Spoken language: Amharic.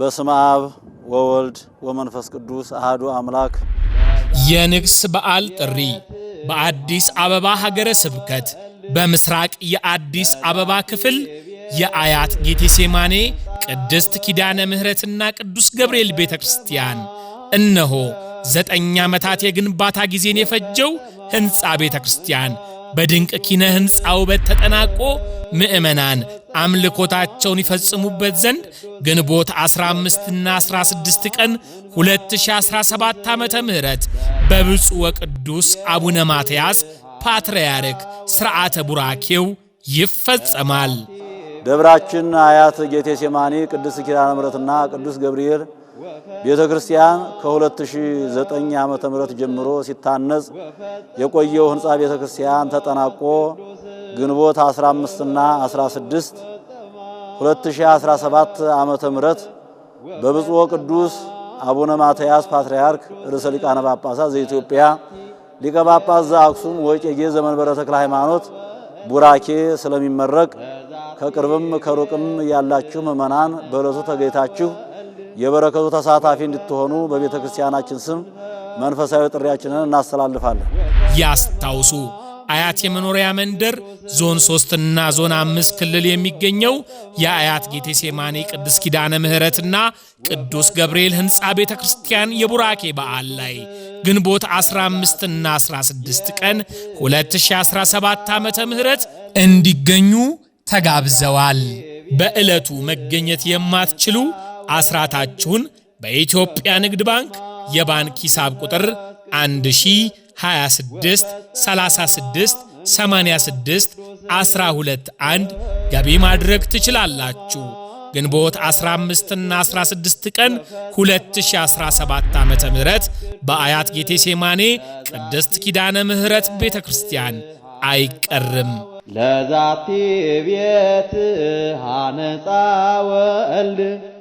በስመ አብ ወወልድ ወመንፈስ ቅዱስ አህዱ አምላክ። የንግስ በዓል ጥሪ በአዲስ አበባ ሀገረ ስብከት በምስራቅ የአዲስ አበባ ክፍል የአያት ጌቴሴማኔ ቅድስት ኪዳነ ምሕረትና ቅዱስ ገብርኤል ቤተ ክርስቲያን እነሆ ዘጠኝ ዓመታት የግንባታ ጊዜን የፈጀው ሕንፃ ቤተ ክርስቲያን በድንቅ ኪነ ሕንፃ ውበት ተጠናቆ ምዕመናን አምልኮታቸውን ይፈጽሙበት ዘንድ ግንቦት 15ና 16 ቀን 2017 ዓመተ ምህረት በብፁዕ ወቅዱስ አቡነ ማትያስ ፓትርያርክ ሥርዓተ ቡራኬው ይፈጸማል። ደብራችን አያት ጌቴ ሴማኒ ቅዱስ ኪዳነ ምሕረትና ቅዱስ ገብርኤል ቤተ ክርስቲያን ከ2009 ዓ ም ጀምሮ ሲታነጽ የቆየው ህንፃ ቤተ ክርስቲያን ተጠናቆ ግንቦት 15 እና 16 2017 ዓመተ ምህረት በብፁዕ ወቅዱስ አቡነ ማትያስ ፓትርያርክ ርዕሰ ሊቃነ ጳጳሳት ዘኢትዮጵያ ሊቀ ጳጳስ ዘአክሱም ወእጨጌ ዘመንበረ ተክለ ሃይማኖት ቡራኬ ስለሚመረቅ ከቅርብም ከሩቅም ያላችሁ ምእመናን በዕለቱ ተገኝታችሁ የበረከቱ ተሳታፊ እንድትሆኑ በቤተ ክርስቲያናችን ስም መንፈሳዊ ጥሪያችንን እናስተላልፋለን። ያስታውሱ አያት የመኖሪያ መንደር ዞን እና ዞን 5 ክልል የሚገኘው የአያት ጌቴሴማኒ ቅዱስ ኪዳነ ምሕረትና ቅዱስ ገብርኤል ሕንፃ ቤተ ክርስቲያን የቡራኬ በዓል ላይ ግንቦት 15 እና 16 ቀን 2017 ዓመተ ምህረት እንዲገኙ ተጋብዘዋል። በዕለቱ መገኘት የማትችሉ አስራታችሁን በኢትዮጵያ ንግድ ባንክ የባንክ ሂሳብ ቁጥር 1000 26 36 86 12 1 ገቢ ማድረግ ትችላላችሁ። ግንቦት 15 እና 16 ቀን 2017 ም በአያት ጌቴ ሴማኔ ቅድስት ኪዳነ ምሕረት ቤተ ክርስቲያን አይቀርም። ለዛቲ ቤት ሐነፃ ወልድ